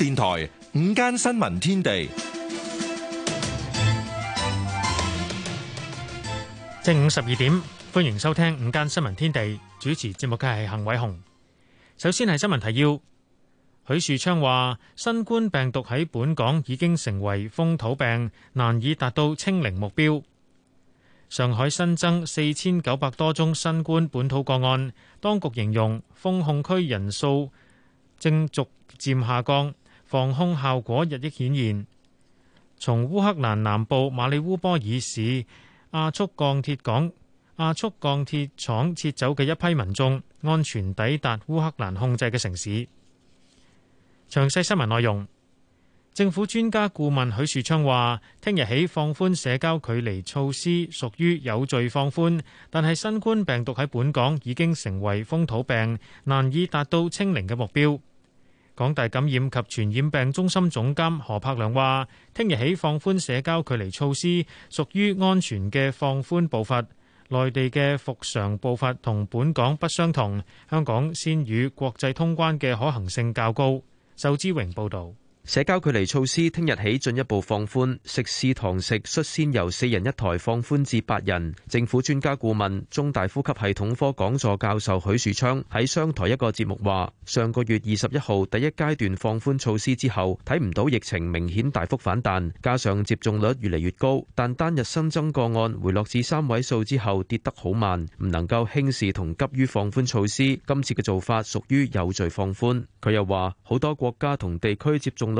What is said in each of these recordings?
電台午間新聞天地，正午十二點，歡迎收聽午間新聞天地。主持節目嘅係幸偉雄。首先係新聞提要。許樹昌話，新冠病毒喺本港已經成為風土病，難以達到清零目標。上海新增四千九百多宗新冠本土個案，當局形容封控區人數正逐漸下降。防空效果日益顯現，從烏克蘭南部馬里烏波爾市亞速鋼鐵港亞速鋼鐵廠撤走嘅一批民眾安全抵達烏克蘭控制嘅城市。詳細新聞內容，政府專家顧問許樹昌話，聽日起放寬社交距離措施屬於有序放寬，但係新冠病毒喺本港已經成為風土病，難以達到清零嘅目標。港大感染及傳染病中心總監何柏良話，聽日起放寬社交距離措施，屬於安全嘅放寬步伐。內地嘅復常步伐同本港不相同，香港先與國際通關嘅可行性較高。仇之榮報導。社交距離措施聽日起進一步放寬，食肆堂食率先由四人一枱放寬至八人。政府專家顧問、中大呼吸系統科講座教授許樹昌喺商台一個節目話：上個月二十一號第一階段放寬措施之後，睇唔到疫情明顯大幅反彈，加上接種率越嚟越高，但單日新增個案回落至三位數之後跌得好慢，唔能夠輕視同急於放寬措施。今次嘅做法屬於有序放寬。佢又話：好多國家同地區接種率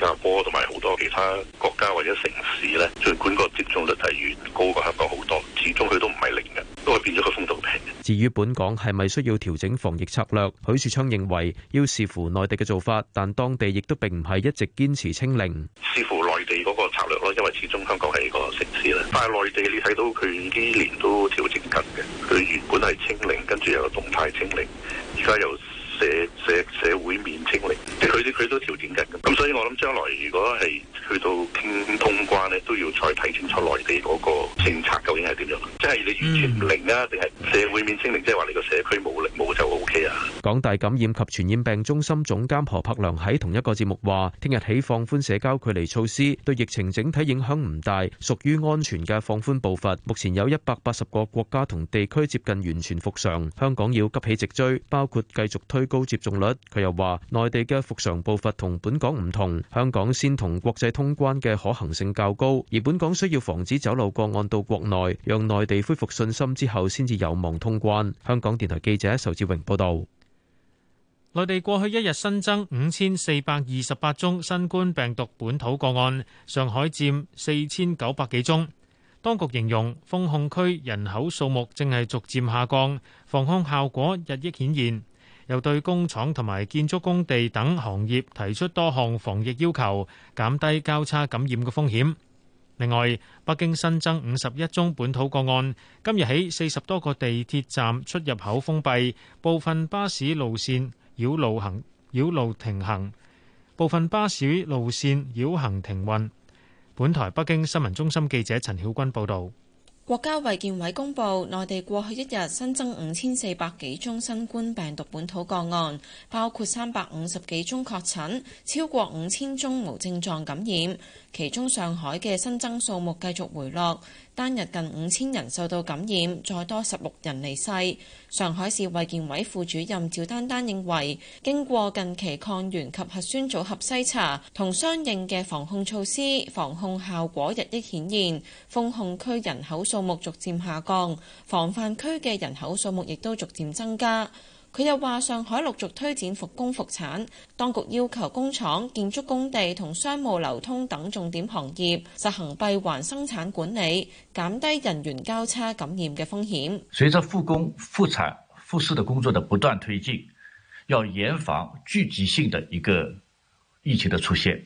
新加坡同埋好多其他國家或者城市呢，儘管個接種率係遠高過香港好多，始終佢都唔係零嘅，都係變咗個風度平至於本港係咪需要調整防疫策略，許樹昌認為要視乎內地嘅做法，但當地亦都並唔係一直堅持清零，視乎內地嗰個策略咯，因為始終香港係一個城市咧。但係內地你睇到佢呢年都調整緊嘅，佢原本係清零，跟住有個動態清零，而家又。社社社會面清零，即係佢哋佢都調整緊嘅，咁所以我諗將來如果係去到通通關咧，都要再睇清楚內地嗰個政策究竟係點樣，即係你完全零啊？定係社會面清零，即係話你個社區冇零冇就 O K 啊。港大感染及傳染病中心總監何柏良喺同一個節目話，聽日起放寬社交距離措施，對疫情整體影響唔大，屬於安全嘅放寬步伐。目前有一百八十個國家同地區接近完全復常，香港要急起直追，包括繼續推。高接種率，佢又話內地嘅復常步伐同本港唔同，香港先同國際通關嘅可行性較高，而本港需要防止走漏個案到國內，讓內地恢復信心之後，先至有望通關。香港電台記者仇志榮報道，內地過去一日新增五千四百二十八宗新冠病毒本土個案，上海佔四千九百幾宗。當局形容封控區人口數目正係逐漸下降，防控效果日益顯現。又對工廠同埋建築工地等行業提出多項防疫要求，減低交叉感染嘅風險。另外，北京新增五十一宗本土個案，今日起四十多個地鐵站出入口封閉，部分巴士路線繞路行繞路停行，部分巴士路線繞行停運。本台北京新聞中心記者陳曉君報道。國家衛健委公布，內地過去一日新增五千四百幾宗新冠病毒本土個案，包括三百五十幾宗確診，超過五千宗無症狀感染。其中，上海嘅新增數目繼續回落。單日近五千人受到感染，再多十六人離世。上海市衛健委副主任趙丹丹認為，經過近期抗原及核酸組合篩查同相應嘅防控措施，防控效果日益顯現，封控區人口數目逐漸下降，防範區嘅人口數目亦都逐漸增加。佢又話上海陸續推展復工復產，當局要求工廠、建築工地同商務流通等重點行業實行閉環生產管理，減低人員交叉感染嘅風險。隨着復工復產復市嘅工作的不斷推進，要嚴防聚集性的一個疫情的出現。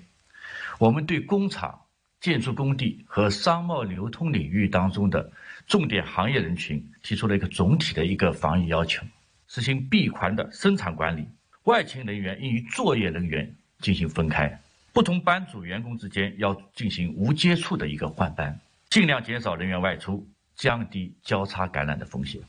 我們對工廠、建築工地和商貿流通領域當中的重點行業人群提出了一個總體的一個防疫要求。實行閉環的生產管理，外勤人員應與作業人員進行分開，不同班組員工之間要進行無接觸的一個換班，盡量減少人員外出，降低交叉感染的風險。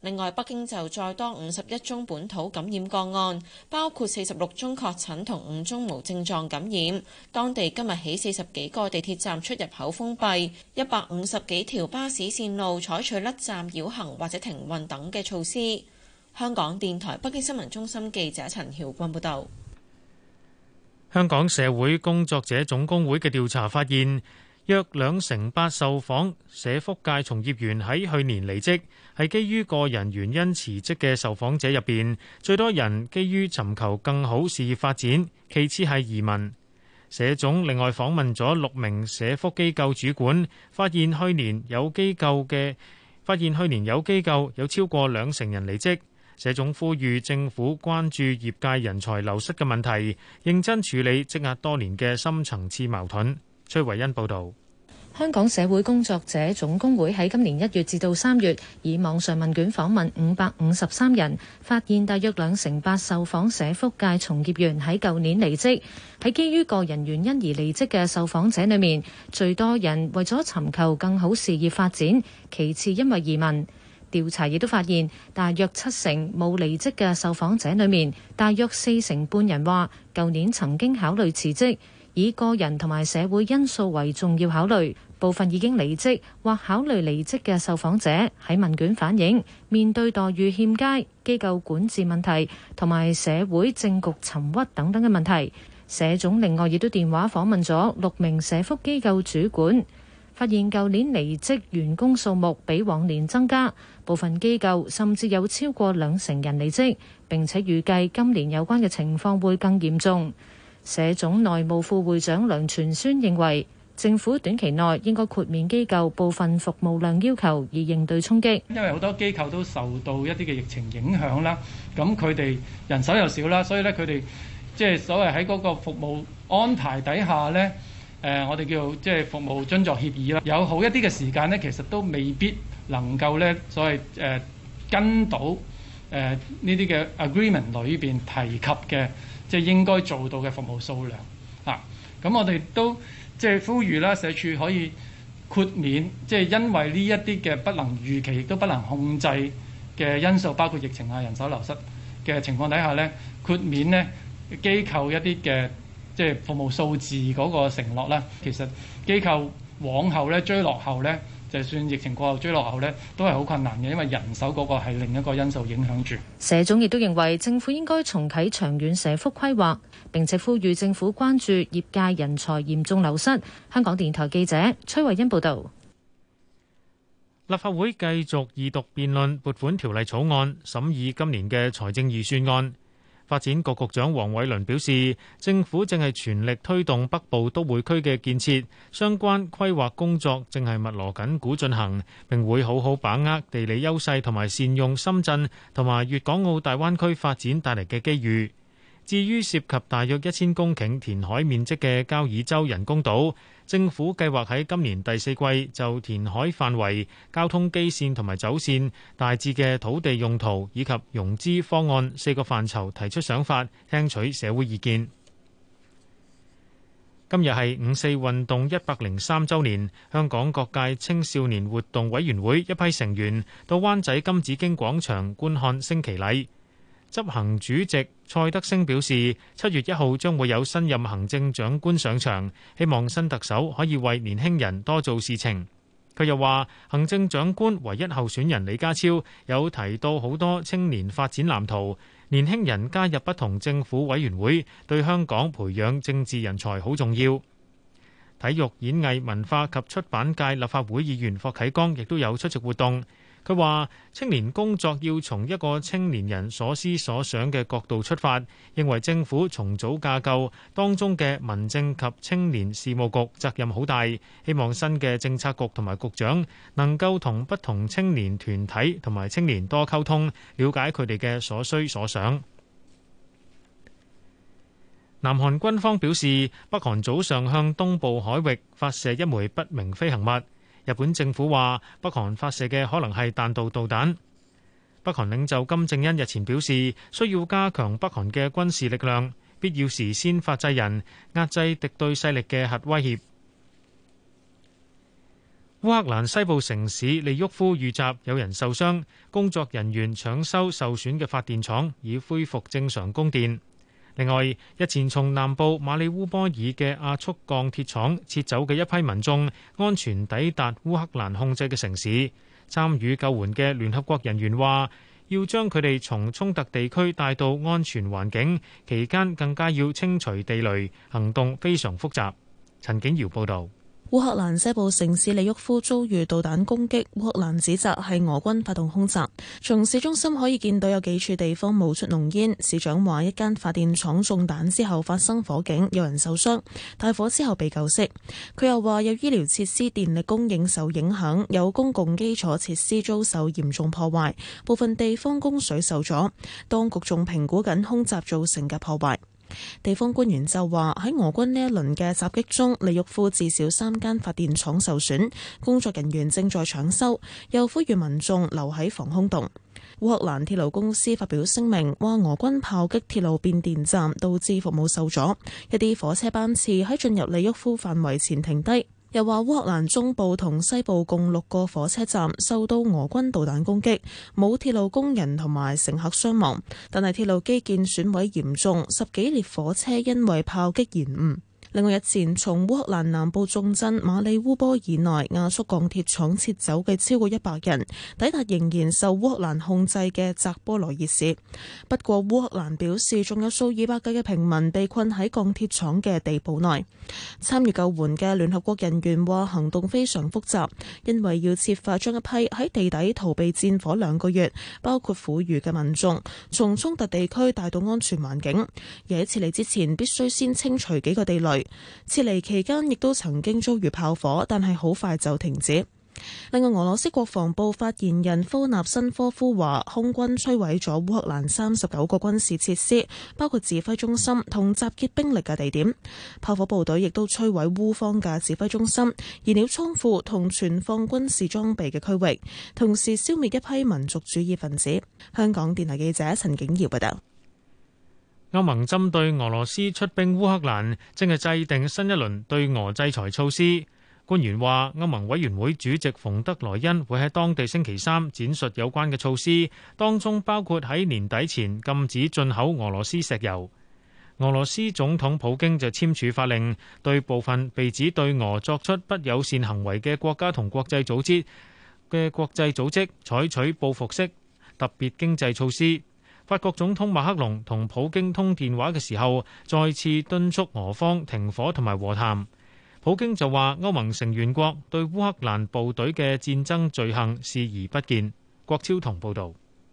另外，北京就再多五十一宗本土感染個案，包括四十六宗確診同五宗無症狀感染。當地今日起四十幾個地鐵站出入口封閉，一百五十幾條巴士線路採取甩站繞行或者停運等嘅措施。香港電台北京新聞中心記者陳曉君報道：香港社會工作者總工會嘅調查發現，約兩成八受訪社福界從業員喺去年離職。係基於個人原因辭職嘅受訪者入邊，最多人基於尋求更好事業發展，其次係移民。社總另外訪問咗六名社福機構主管，發現去年有機構嘅發現去年有機構有超過兩成人離職。這種呼籲政府關注業界人才流失嘅問題，認真處理積壓多年嘅深層次矛盾。崔維恩報導，香港社會工作者總工會喺今年一月至到三月，以網上問卷訪問五百五十三人，發現大約兩成八受訪社福界從業員喺舊年離職。喺基於個人原因而離職嘅受訪者裏面，最多人為咗尋求更好事業發展，其次因為移民。調查亦都發現，大約七成冇離職嘅受訪者裏面，大約四成半人話，舊年曾經考慮辭職，以個人同埋社會因素為重要考慮。部分已經離職或考慮離職嘅受訪者喺問卷反映，面對待遇欠佳、機構管治問題同埋社會政局沉鬱等等嘅問題。社總另外亦都電話訪問咗六名社福機構主管，發現舊年離職員工數目比往年增加。部分機構甚至有超過兩成人離職，並且預計今年有關嘅情況會更嚴重。社總內務副會長梁傳宣認為，政府短期內應該豁免機構部分服務量要求，以應對衝擊。因為好多機構都受到一啲嘅疫情影響啦，咁佢哋人手又少啦，所以咧佢哋即係所謂喺嗰個服務安排底下呢，誒我哋叫做即係服務遵作協議啦，有好一啲嘅時間呢，其實都未必，能夠咧，所謂誒、呃、跟到誒呢啲嘅 agreement 裏邊提及嘅，即係應該做到嘅服務數量啊。咁我哋都即係呼籲啦，社署可以豁免，即係因為呢一啲嘅不能預期亦都不能控制嘅因素，包括疫情啊、人手流失嘅情況底下咧，豁免咧機構一啲嘅即係服務數字嗰個承諾啦。其實機構往後咧追落後咧。就算疫情過後追落後咧，都係好困難嘅，因為人手嗰個係另一個因素影響住。社總亦都認為政府應該重啟長遠社福規劃，並且呼籲政府關注業界人才嚴重流失。香港電台記者崔慧欣報道。立法會繼續二讀辯論撥款條例草案，審議今年嘅財政預算案。發展局局長黃偉綸表示，政府正係全力推動北部都會區嘅建設，相關規劃工作正係密鑼緊鼓進行，並會好好把握地理優勢同埋善用深圳同埋粵港澳大灣區發展帶嚟嘅機遇。至於涉及大約一千公頃填海面積嘅交椅洲人工島，政府計劃喺今年第四季就填海範圍、交通基線同埋走線、大致嘅土地用途以及融資方案四個範疇提出想法，聽取社會意見。今日係五四運動一百零三週年，香港各界青少年活動委員會一批成員到灣仔金紫荊廣場觀看升旗禮。執行主席蔡德升表示，七月一號將會有新任行政長官上場，希望新特首可以為年輕人多做事情。佢又話，行政長官唯一候選人李家超有提到好多青年發展藍圖，年輕人加入不同政府委員會，對香港培養政治人才好重要。體育、演藝、文化及出版界立法會議員霍啟剛亦都有出席活動。佢話：青年工作要從一個青年人所思所想嘅角度出發，認為政府重組架構當中嘅民政及青年事務局責任好大，希望新嘅政策局同埋局長能夠同不同青年團體同埋青年多溝通，了解佢哋嘅所需所想。南韓軍方表示，北韓早上向東部海域發射一枚不明飛行物。日本政府話北韓發射嘅可能係彈道導彈。北韓領袖金正恩日前表示，需要加強北韓嘅軍事力量，必要時先發制人，壓制敵對勢力嘅核威脅。烏克蘭西部城市利沃夫遇襲，有人受傷，工作人員搶修受損嘅發電廠，已恢復正常供電。另外，日前從南部馬里烏波爾嘅阿速鋼鐵廠撤走嘅一批民眾，安全抵達烏克蘭控制嘅城市。參與救援嘅聯合國人員話，要將佢哋從衝突地區帶到安全環境，期間更加要清除地雷，行動非常複雜。陳景瑤報道。烏克蘭西部城市利沃夫遭遇導彈攻擊，烏克蘭指責係俄軍發動空襲。從市中心可以見到有幾處地方冒出濃煙。市長話一間發電廠中彈之後發生火警，有人受傷，大火之後被救熄。佢又話有醫療設施電力供應受影響，有公共基礎設施遭受嚴重破壞，部分地方供水受阻。當局仲評估緊空襲造成嘅破壞。地方官員就話喺俄軍呢一輪嘅襲擊中，利沃夫至少三間發電廠受損，工作人員正在搶修，又呼籲民眾留喺防空洞。烏克蘭鐵路公司發表聲明，話俄軍炮擊鐵路變電站，導致服務受阻，一啲火車班次喺進入利沃夫範圍前停低。又話，烏克蘭中部同西部共六個火車站受到俄軍導彈攻擊，冇鐵路工人同埋乘客傷亡，但係鐵路基建損毀嚴重，十幾列火車因為炮擊延誤。另外，日前從烏克蘭南部重鎮馬里烏波爾內亞速鋼鐵廠撤走嘅超過一百人，抵達仍然受烏克蘭控制嘅扎波羅熱市。不過，烏克蘭表示仲有數以百計嘅平民被困喺鋼鐵廠嘅地堡內。參與救援嘅聯合國人員話，行動非常複雜，因為要設法將一批喺地底逃避戰火兩個月，包括婦孺嘅民眾，從衝突地區帶到安全環境。而喺撤離之前，必須先清除幾個地雷。撤離期間亦都曾經遭遇炮火，但係好快就停止。另外，俄羅斯國防部發言人科納申科夫話，空軍摧毀咗烏克蘭三十九個軍事設施，包括指揮中心同集結兵力嘅地點。炮火部隊亦都摧毀烏方嘅指揮中心、燃料倉庫同存放軍事裝備嘅區域，同時消滅一批民族主義分子。香港電台記者陳景堯報道。歐盟針對俄羅斯出兵烏克蘭，正係制定新一輪對俄制裁措施。官員話，歐盟委員會主席馮德萊恩會喺當地星期三展述有關嘅措施，當中包括喺年底前禁止進口俄羅斯石油。俄羅斯總統普京就簽署法令，對部分被指對俄作出不友善行為嘅國家同國際組織嘅國際組織採取報復式特別經濟措施。法國總統馬克龍同普京通電話嘅時候，再次敦促俄方停火同埋和談。普京就話，歐盟成員國對烏克蘭部隊嘅戰爭罪行視而不見。郭超同報道，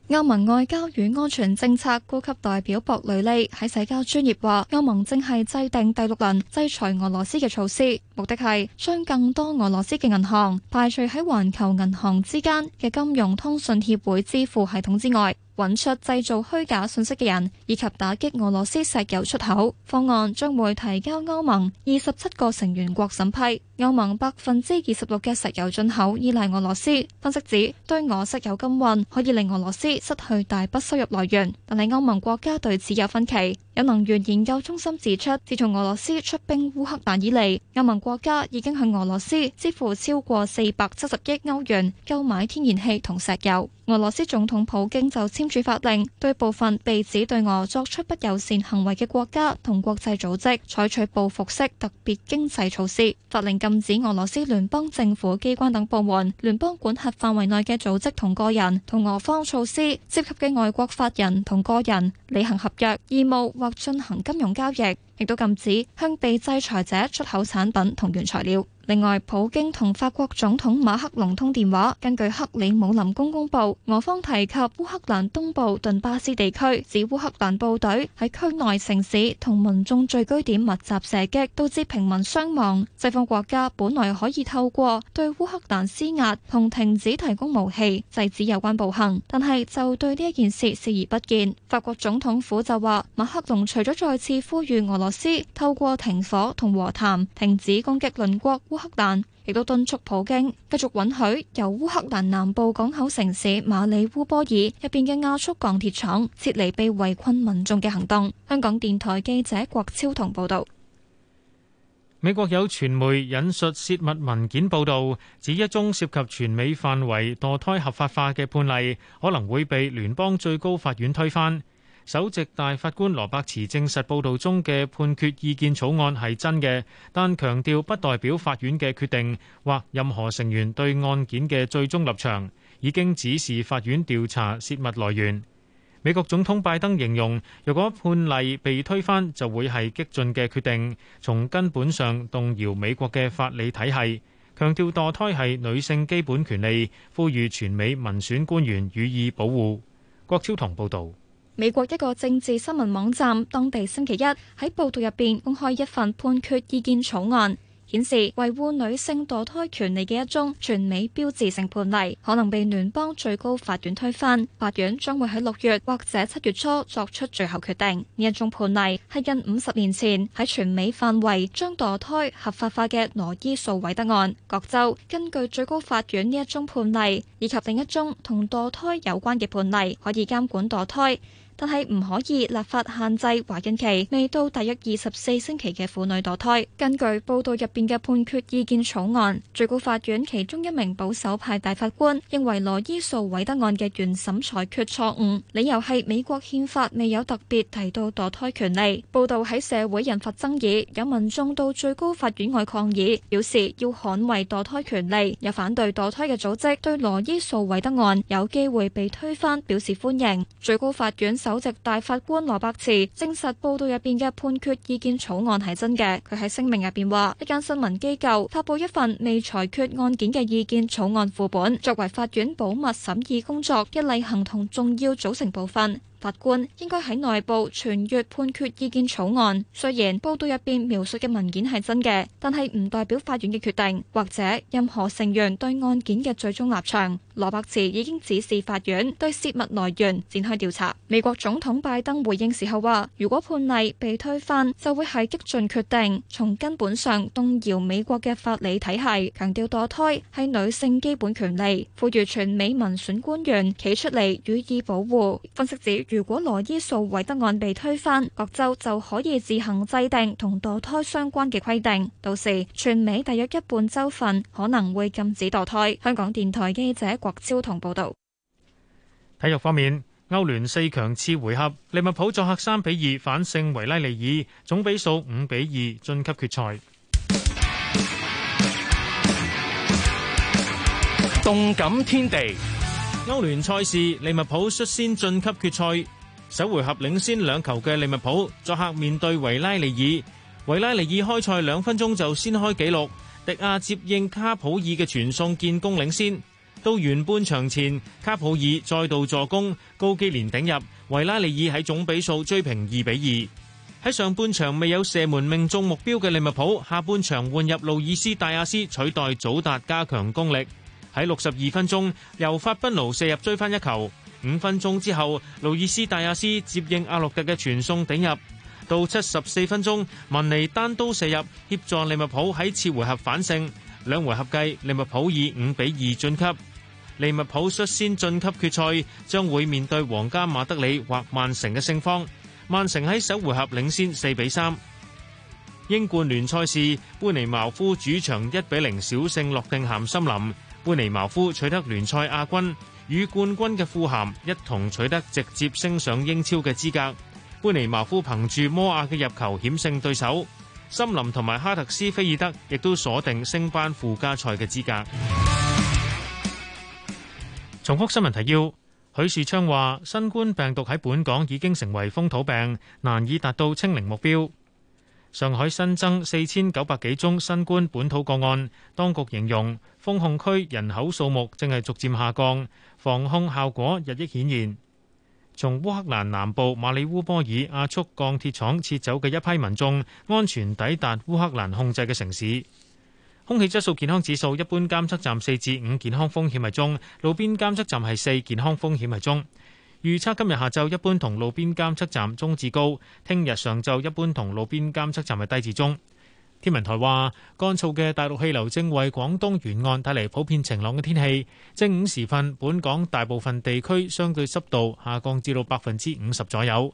歐盟外交與安全政策高級代表博雷利喺社交專業話，歐盟正係制定第六輪制裁俄羅斯嘅措施，目的係將更多俄羅斯嘅銀行排除喺環球銀行之間嘅金融通訊協會支付系統之外。揾出製造虛假信息嘅人，以及打擊俄羅斯石油出口，方案將會提交歐盟二十七個成員國審批。歐盟百分之二十六嘅石油進口依賴俄羅斯，分析指對俄石油禁運可以令俄羅斯失去大筆收入來源，但係歐盟國家對此有分歧。有能源研究中心指出，自從俄羅斯出兵烏克蘭以嚟，歐盟國家已經向俄羅斯支付超過四百七十億歐元購買天然氣同石油。俄羅斯總統普京就簽署法令，對部分被指對俄作出不友善行為嘅國家同國際組織採取報復式特別經濟措施。法令禁止俄羅斯聯邦政府機關等部門、聯邦管轄範圍內嘅組織同個人，同俄方措施涉及嘅外國法人同個人履行合約義務，或進行金融交易。亦都禁止向被制裁者出口產品同原材料。另外，普京同法國總統馬克龍通電話，根據克里姆林宮公布，俄方提及烏克蘭東部頓巴斯地區，指烏克蘭部隊喺區內城市同民眾聚居點密集射擊導致平民傷亡。西方國家本來可以透過對烏克蘭施壓同停止提供武器，制止有關暴行，但係就對呢一件事視而不見，法國總統府就話馬克龍除咗再次呼籲俄羅斯，透過停火同和談，停止攻擊鄰國烏克蘭，亦都敦促普京繼續允許由烏克蘭南部港口城市馬里烏波爾入邊嘅亞速鋼鐵廠撤離被圍困民眾嘅行動。香港電台記者郭超同報道。美國有傳媒引述洩密文件報道，指一宗涉及全美範圍墮胎合法化嘅判例可能會被聯邦最高法院推翻。首席大法官羅伯茨證實報道中嘅判決意見草案係真嘅，但強調不代表法院嘅決定或任何成員對案件嘅最終立場。已經指示法院調查泄密來源。美國總統拜登形容，如果判例被推翻，就會係激進嘅決定，從根本上動搖美國嘅法理體系。強調墮胎係女性基本權利，呼籲全美民選官員予以保護。郭超同報道。美國一個政治新聞網站，當地星期一喺報道入邊公開一份判決意見草案，顯示維護女性墮胎權利嘅一宗全美標誌性判例可能被聯邦最高法院推翻。法院將會喺六月或者七月初作出最後決定。呢一宗判例係近五十年前喺全美範圍將墮胎合法化嘅羅伊訴韋德案。各州根據最高法院呢一宗判例以及另一宗同墮胎有關嘅判例，可以監管墮胎。但係唔可以立法限制懷孕期未到大約二十四星期嘅婦女墮胎。根據報道入邊嘅判決意見草案，最高法院其中一名保守派大法官認為羅伊訴韋德案嘅原審裁決錯誤，理由係美國憲法未有特別提到墮胎權利。報道喺社會引發爭議，有民眾到最高法院外抗議，表示要捍衛墮胎權利。有反對墮胎嘅組織對羅伊訴韋德案有機會被推翻表示歡迎。最高法院。首席大法官羅伯茨證實報道入邊嘅判決意見草案係真嘅。佢喺聲明入邊話：一間新聞機構發佈一份未裁決案件嘅意見草案副本，作為法院保密審議工作一例行同重要組成部分，法官應該喺內部傳閱判決意見草案。雖然報道入邊描述嘅文件係真嘅，但係唔代表法院嘅決定或者任何成員對案件嘅最終立場。羅伯茨已經指示法院對泄密來源展開調查。美國總統拜登回應時候話：如果判例被推翻，就會係激進決定，從根本上動搖美國嘅法理體系。強調墮胎係女性基本權利，賦予全美民選官員企出嚟予以保護。分析指，如果羅伊訴維德案被推翻，各州就可以自行制定同墮胎相關嘅規定。到時全美大約一半州份可能會禁止墮胎。香港電台記者郭超同報導。體育方面，歐聯四強次回合，利物浦作客三比二反勝維拉利爾，總比數五比二晉級決賽。動感天地。歐聯賽事，利物浦率先晉級決賽。首回合領先兩球嘅利物浦，作客面對維拉利爾。維拉利爾開賽兩分鐘就先開紀錄，迪亞接應卡普爾嘅傳送建功領先。到完半場前，卡普爾再度助攻高基連頂入，維拉利爾喺總比數追平二比二。喺上半場未有射門命中目標嘅利物浦，下半場換入路易斯·戴亞斯取代祖達加強攻力。喺六十二分鐘由法賓奴射入追翻一球，五分鐘之後路易斯大亞斯接應阿諾特嘅傳送頂入，到七十四分鐘文尼單刀射入協助利物浦喺次回合反勝，兩回合計利物浦以五比二晉級。利物浦率先晉級決賽，將會面對皇家馬德里或曼城嘅勝方。曼城喺首回合領先四比三。英冠聯賽是般尼茅夫主場一比零小勝諾定咸森林。布尼茅夫取得聯賽亞軍與冠軍嘅富咸一同取得直接升上英超嘅資格。般尼茅夫憑住摩亞嘅入球險勝對手。森林同埋哈特斯菲爾德亦都鎖定升班附加賽嘅資格。重複新聞提要：許樹昌話，新冠病毒喺本港已經成為風土病，難以達到清零目標。上海新增四千九百幾宗新冠本土個案，當局形容封控區人口數目正係逐漸下降，防控效果日益顯現。從烏克蘭南部馬里烏波爾阿速鋼鐵廠撤走嘅一批民眾安全抵達烏克蘭控制嘅城市。空氣質素健康指數一般監測站四至五，健康風險為中；路邊監測站係四，健康風險為中。預測今日下晝一般同路邊監測站中至高，聽日上晝一般同路邊監測站係低至中。天文台話，乾燥嘅大陸氣流正為廣東沿岸帶嚟普遍晴朗嘅天氣，正午時分，本港大部分地區相對濕度下降至到百分之五十左右。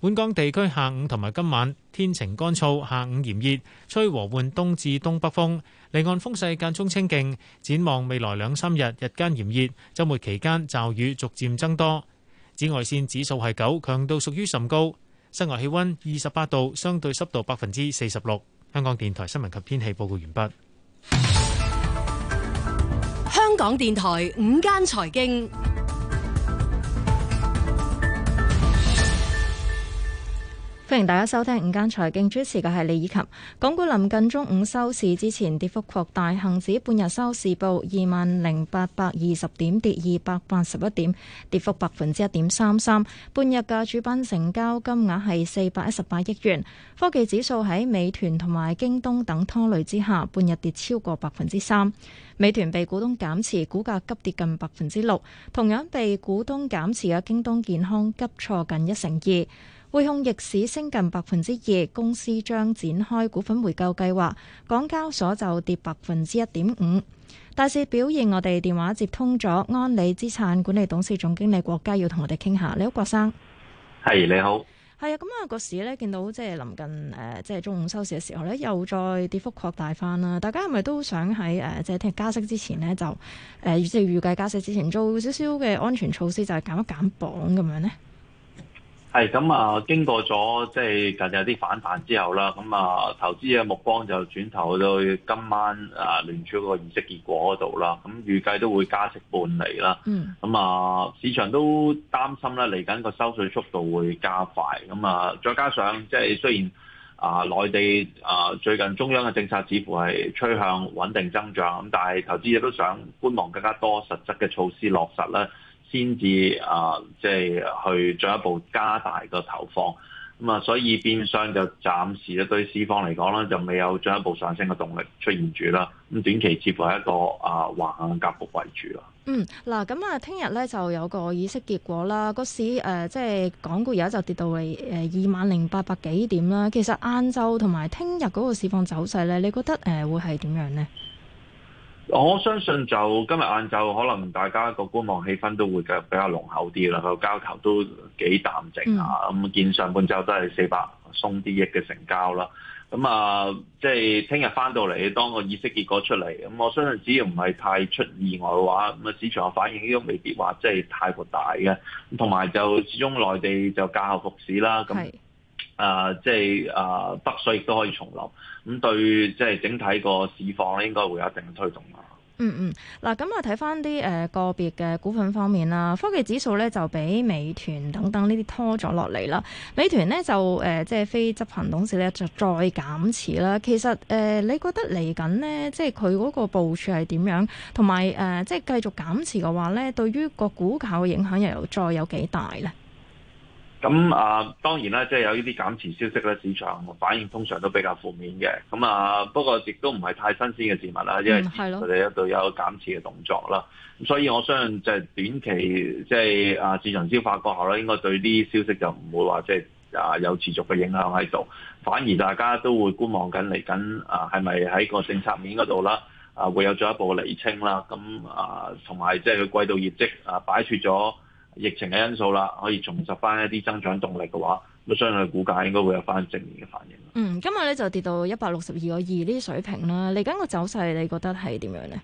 本港地區下午同埋今晚天晴乾燥，下午炎熱，吹和緩東至東北風，離岸風勢間中清勁。展望未來兩三日日間炎熱，週末期間驟雨逐漸增多。紫外線指數係九，強度屬於甚高。室外氣温二十八度，相對濕度百分之四十六。香港電台新聞及天氣報告完畢。香港電台午間財經。歡迎大家收聽午間財經，主持嘅係李以琴。港股臨近中午收市之前，跌幅擴大，恒指半日收市報二萬零八百二十點，跌二百八十一點，跌幅百分之一點三三。半日嘅主板成交金額係四百一十八億元。科技指數喺美團同埋京東等拖累之下，半日跌超過百分之三。美團被股東減持，股價急跌近百分之六；同樣被股東減持嘅京東健康急挫近一成二。匯控逆市升近百分之二，公司將展開股份回購計劃。港交所就跌百分之一點五，大市表現。我哋電話接通咗安理資產管理董事總經理郭家，要同我哋傾下。你好，郭生。係你好。係啊，咁啊，個市呢，見到即係臨近誒，即係、呃、中午收市嘅時候呢，又再跌幅擴大翻啦。大家係咪都想喺誒、呃、即係聽日加息之前呢，就誒、呃、即係預計加息之前做少少嘅安全措施，就係減一減磅咁樣呢？係咁啊，經過咗即係近日啲反彈之後啦，咁啊投資嘅目光就轉投到今晚啊聯儲個議息結果嗰度啦。咁預計都會加息半釐啦。嗯。咁啊，市場都擔心咧，嚟緊個收水速度會加快。咁啊，再加上即係雖然啊內地啊最近中央嘅政策似乎係趨向穩定增長，咁但係投資者都想觀望更加多實質嘅措施落實咧。先至啊，即係去進一步加大個投放，咁啊，所以變相就暫時咧對市況嚟講咧，就未有進一步上升嘅動力出現住啦。咁短期似乎係一個啊橫行格局為主咯。嗯，嗱，咁啊，聽日咧就有個議息結果啦。個市、呃、即係港股而家就跌到嚟誒二萬零八百幾點啦。其實晏晝同埋聽日嗰個市況走勢咧，你覺得誒會係點樣咧？我相信就今日晏晝可能大家個觀望氣氛都會較比較濃厚啲啦。個交投都幾淡靜啊。咁、嗯嗯、見上半晝都係四百鬆啲億嘅成交啦。咁、嗯、啊，即係聽日翻到嚟，當個議息結果出嚟。咁、嗯、我相信只要唔係太出意外嘅話，咁啊市場嘅反應都未必話即係太過大嘅。同埋就始終內地就假後復市啦。咁、嗯。啊、呃，即係啊，北、呃、水亦都可以重臨，咁、嗯、對即係整體個市況咧，應該會有一定推動啊、嗯。嗯嗯，嗱，咁啊睇翻啲誒個別嘅股份方面啦，科技指數咧就俾美團等等呢啲拖咗落嚟啦。美團呢就誒、呃、即係非執行董事咧就再減持啦。其實誒、呃，你覺得嚟緊、呃、呢，即係佢嗰個部署係點樣？同埋誒即係繼續減持嘅話咧，對於個股價嘅影響又有再有幾大咧？咁啊，當然啦，即係有呢啲減持消息咧，市場反應通常都比較負面嘅。咁啊，不過亦都唔係太新鮮嘅事物啦，因為佢哋一度有減持嘅動作啦。咁、嗯、所以我相信，即係短期，即係啊，市場消化過後咧，應該對啲消息就唔會話即係啊有持續嘅影響喺度。反而大家都會觀望緊嚟緊啊，係咪喺個政策面嗰度啦？啊，會有進一步嘅釐清啦。咁啊，同埋即係佢季度業績啊，擺脱咗疫情嘅因素啦，可以重拾翻一啲增長動力嘅話，咁相信股價應該會有翻正面嘅反應。嗯，今日咧就跌到一百六十二個二呢啲水平啦。嚟緊個走勢，你覺得係點樣咧？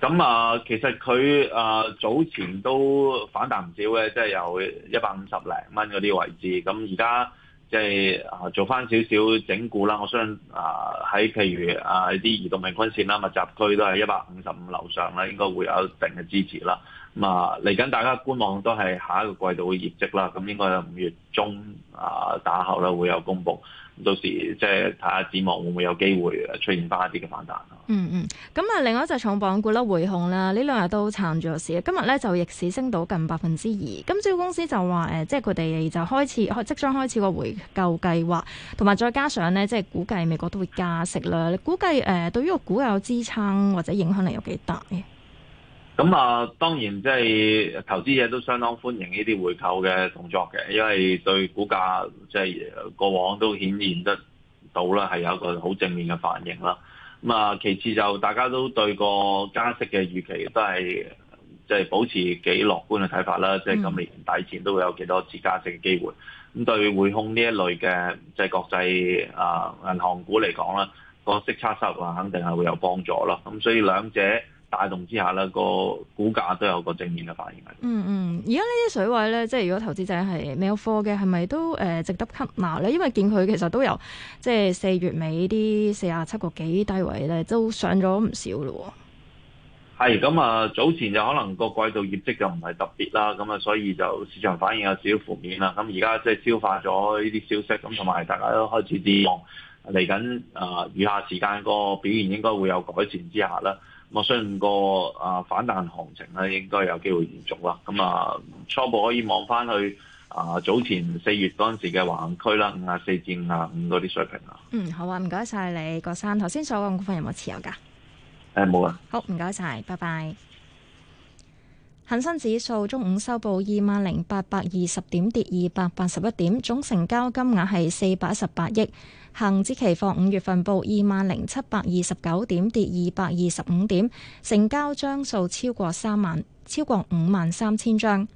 咁啊，其實佢啊、嗯、早前都反彈唔少嘅，即係由一百五十零蚊嗰啲位置，咁而家即係做翻少少整固啦。我相信啊喺譬如啊啲移動平均線啦、密集區都係一百五十五樓上啦，應該會有一定嘅支持啦。啊，嚟緊大家觀望都係下一個季度嘅業績啦，咁應該五月中啊打後咧會有公佈，到時即係睇下展望會唔會有機會出現翻一啲嘅反彈。嗯嗯，咁、嗯、啊，另外一隻重磅股啦，匯控啦，呢兩日都撐住市，今日咧就逆市升到近百分之二，今朝公司就話誒，即係佢哋就開始即將開始個回購計劃，同埋再加上咧即係估計美國都會加息啦，估計誒對於個股有支撐或者影響力有幾大？咁啊，當然即係投資者都相當歡迎呢啲回購嘅動作嘅，因為對股價即係過往都顯現得到啦，係有一個好正面嘅反應啦。咁啊，其次就大家都對個加息嘅預期都係即係保持幾樂觀嘅睇法啦。即係今年底前都會有幾多次加息嘅機會。咁對匯控呢一類嘅即係國際啊銀行股嚟講啦，個息差收入啊肯定係會有幫助咯。咁所以兩者帶動之下咧，個股價都有個正面嘅反應。嗯嗯，而家呢啲水位咧，即係如果投資者係未有貨嘅，係咪都誒、呃、值得吸納咧？因為見佢其實都有即係四月尾啲四十七個幾低位咧，都上咗唔少咯。係咁啊，早前就可能個季度業績就唔係特別啦，咁、嗯、啊，所以就市場反應有少少負面啦。咁而家即係消化咗呢啲消息，咁同埋大家都開始希望嚟緊啊，餘下、呃、下時間個表現應該會有改善之下啦。我相信個啊反彈行情咧，應該有機會延續啦。咁啊，初步可以望翻去啊、呃、早前四月嗰陣時嘅橫行區啦，五十四至五十五嗰啲水平啦。嗯，好啊，唔該晒你，郭生。頭先所講股份有冇持有噶？誒、嗯，冇啊。好，唔該晒，拜拜。恒生指數中午收報二萬零八百二十點，跌二百八十一點，總成交金額係四百一十八億。恒指期貨五月份報二萬零七百二十九點，跌二百二十五點，成交張數超過三萬，超過五萬三千張。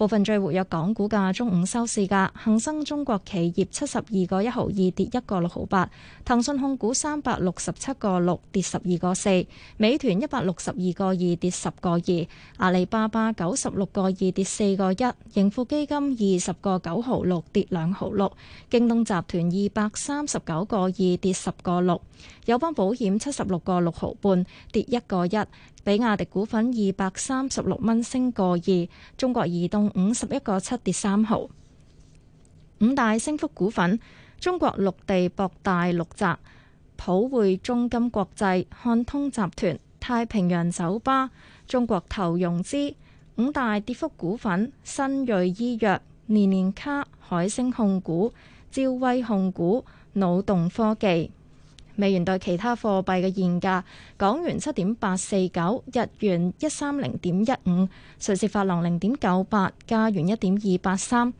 部分最活躍港股嘅中午收市價，恒生中國企業七十二個一毫二跌一個六毫八，騰訊控股三百六十七個六跌十二個四，美團一百六十二個二跌十個二，阿里巴巴九十六個二跌四個一，盈富基金二十個九毫六跌兩毫六，京東集團二百三十九個二跌十個六，友邦保險七十六個六毫半跌一個一。比亞迪股份二百三十六蚊升個二，中國移動五十一個七跌三毫。五大升幅股份：中國綠地博大綠澤，普匯中金國際、漢通集團、太平洋酒吧、中國投融資。五大跌幅股份：新瑞醫藥、年年卡、海星控股、兆威控股、腦動科技。美元兌其他貨幣嘅現價：港元七點八四九，日元一三零點一五，瑞士法郎零點九八，加元一點二八三，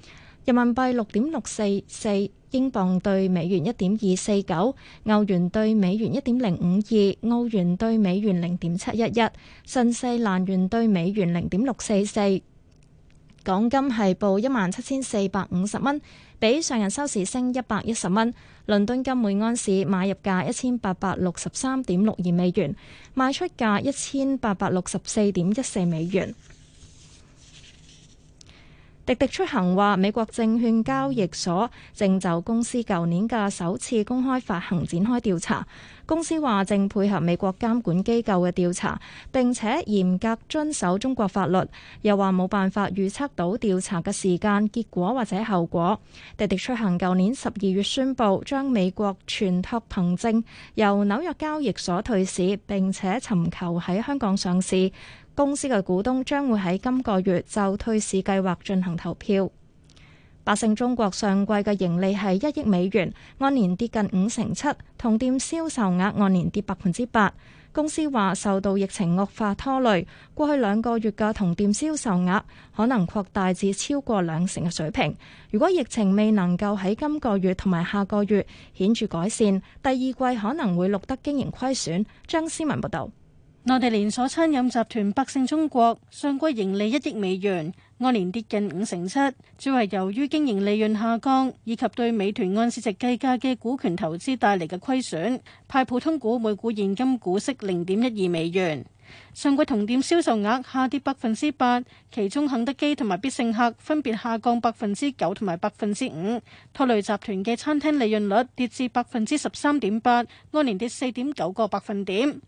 人民幣六點六四四，英鎊對美元一點二四九，歐元對美元一點零五二，澳元對美元零點七一一，新西蘭元對美元零點六四四。港金係報一萬七千四百五十蚊，比上日收市升一百一十蚊。倫敦金每安士買入價一千八百六十三點六二美元，賣出價一千八百六十四點一四美元。滴滴出行話，美國證券交易所正就公司舊年嘅首次公開發行展開調查。公司話正配合美國監管機構嘅調查，並且嚴格遵守中國法律。又話冇辦法預測到調查嘅時間、結果或者後果。滴滴出行舊年十二月宣布將美國全託憑證由紐約交易所退市，並且尋求喺香港上市。公司嘅股東將會喺今個月就退市計劃進行投票。百勝中國上季嘅盈利係一億美元，按年跌近五成七，同店銷售額按年跌百分之八。公司話受到疫情惡化拖累，過去兩個月嘅同店銷售額可能擴大至超過兩成嘅水平。如果疫情未能夠喺今個月同埋下個月顯著改善，第二季可能會錄得經營虧損。張思文報道。內地連鎖餐飲集團百勝中國上季盈利一億美元，按年跌近五成七，主要由於經營利潤下降以及對美團按市值計價嘅股權投資帶嚟嘅虧損，派普通股每股現金股息零點一二美元。上季同店銷售額下跌百分之八，其中肯德基同埋必勝客分別下降百分之九同埋百分之五，拖累集團嘅餐廳利潤率跌至百分之十三點八，按年跌四點九個百分點。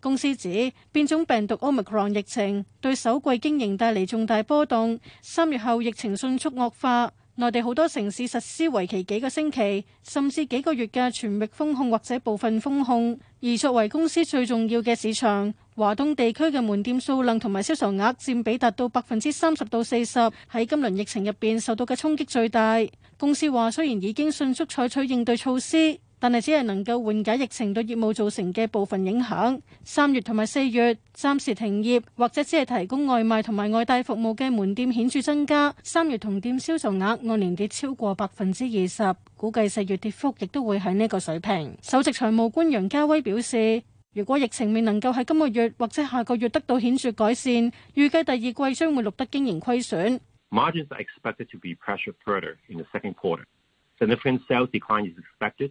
公司指變種病毒 Omicron 疫情對首季經營帶嚟重大波動，三月後疫情迅速惡化，內地好多城市實施為期幾個星期甚至幾個月嘅全域封控或者部分封控。而作為公司最重要嘅市場，華東地區嘅門店數量同埋銷售額佔比達到百分之三十到四十，喺今輪疫情入邊受到嘅衝擊最大。公司話雖然已經迅速採取應對措施。但係只係能夠緩解疫情對業務造成嘅部分影響。三月同埋四月暫時停業或者只係提供外賣同埋外帶服務嘅門店顯著增加。三月同店銷售額按年跌超過百分之二十，估計四月跌幅亦都會喺呢個水平。首席財務官楊家威表示，如果疫情未能夠喺今個月或者下個月得到顯著改善，預計第二季將會錄得經營虧損。Margins are expected to be pressured further in the second quarter. Significant sales decline is expected.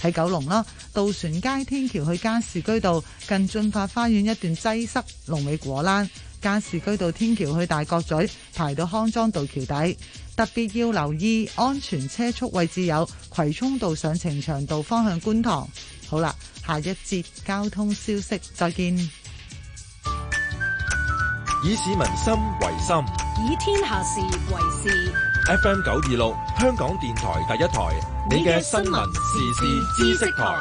喺九龍啦，渡船街天橋去加士居道近駿發花園一段擠塞，龍尾果欄；加士居道天橋去大角咀排到康莊道橋底。特別要留意安全車速位置有葵涌道上呈祥道方向觀塘。好啦，下一節交通消息，再見。以市民心為心，以天下事為事。FM 九二六，香港電台第一台，你嘅新聞時事知識台。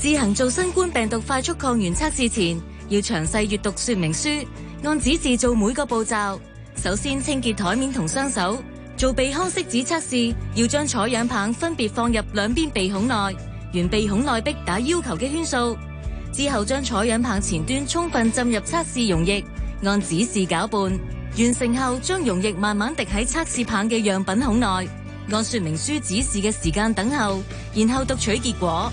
自行做新冠病毒快速抗原測試前，要詳細閱讀說明書，按指示做每個步驟。首先清潔台面同雙手。做鼻腔拭子測試，要將採樣棒分別放入兩邊鼻孔內，沿鼻孔內壁打要求嘅圈數。之後將採樣棒前端充分浸入測試溶液，按指示攪拌。完成後，將溶液慢慢滴喺測試棒嘅樣品孔內，按說明書指示嘅時間等候，然後讀取結果。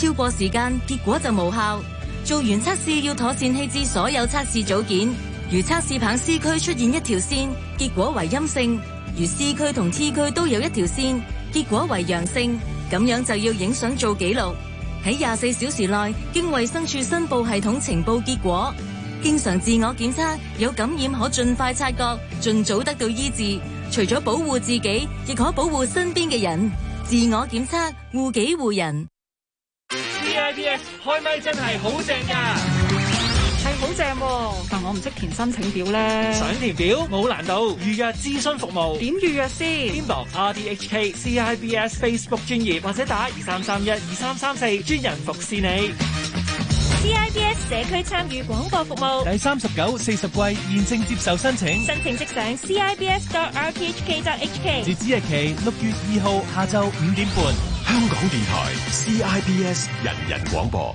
超過時間，結果就無效。做完測試要妥善棄置所有測試組件。如測試棒 C 區出現一條線，結果為陰性；如 C 區同 T 區都有一條線，結果為陽性。咁樣就要影相做記錄，喺廿四小時內經衛生署申報系統呈報結果。經常自我檢測，有感染可盡快察覺，盡早得到醫治。除咗保護自己，亦可保護身邊嘅人。自我檢測，護己護人。CIBS 開咪真係好正㗎，係好正。但我唔識填申請表咧，想填表冇難度。預約諮詢服務，點預約先？t m o b, b, b、R D H、K, i l RTHK CIBS Facebook 專業，或者打二三三一二三三四，1, 4, 專人服侍你。CIBS 社區參與廣播服務第三十九四十季現正接受申請，申請即上 CIBS.RTHK.HK 截止日期六月二號下晝五點半，香港電台 CIBS 人人廣播。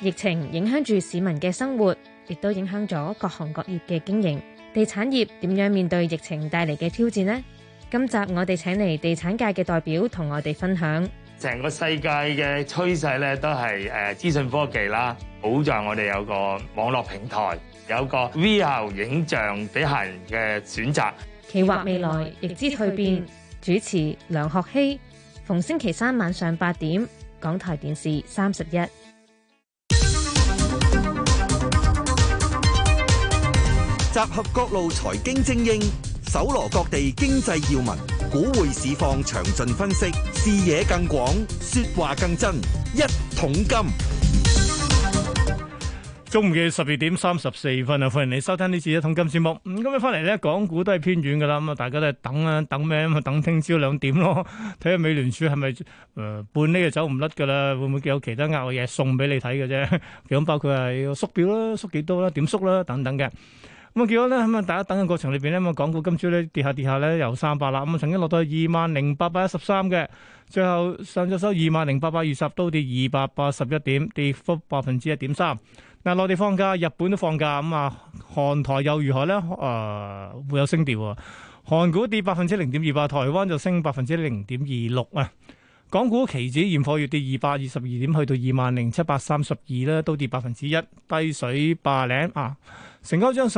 疫情影響住市民嘅生活，亦都影響咗各行各業嘅經營。地產業點樣面對疫情帶嚟嘅挑戰呢？今集我哋請嚟地產界嘅代表同我哋分享。成個世界嘅趨勢咧，都係誒資訊科技啦，好在我哋有個網絡平台，有個 VR 影像俾客人嘅選擇。企劃未來，亦之蛻變。 主持梁學希，逢星期三晚上八點，港台電視三十一。集合各路財經精英，搜羅各地經濟要聞，股匯市況詳盡分析，視野更廣，說話更真。一桶金，中午嘅十二點三十四分啊！歡迎你收聽呢次一桶金節目。咁今日翻嚟咧，港股都係偏軟噶啦。咁啊，大家都係等啊，等咩？咁啊，等聽朝兩點咯。睇下美聯儲係咪誒半厘就走唔甩噶啦？會唔會有其他額外嘢送俾你睇嘅啫？咁包括係縮表啦，縮幾多啦，點縮啦，等等嘅。咁啊！結果咧，咁啊！大家等嘅過程裏邊呢，咁啊，港股金豬今朝咧跌下跌下咧，由三百啦，咁啊，曾經落到二萬零八百一十三嘅，最後上咗收二萬零八百二十，都跌二百八十一點，跌幅百分之一點三。嗱、啊，內地放假，日本都放假，咁啊，韓台又如何咧？誒、呃，會有升調啊？韓股跌百分之零點二八，台灣就升百分之零點二六啊。港股期指現貨要跌二百二十二點，去到二萬零七百三十二咧，都跌百分之一，低水霸嶺啊。成交張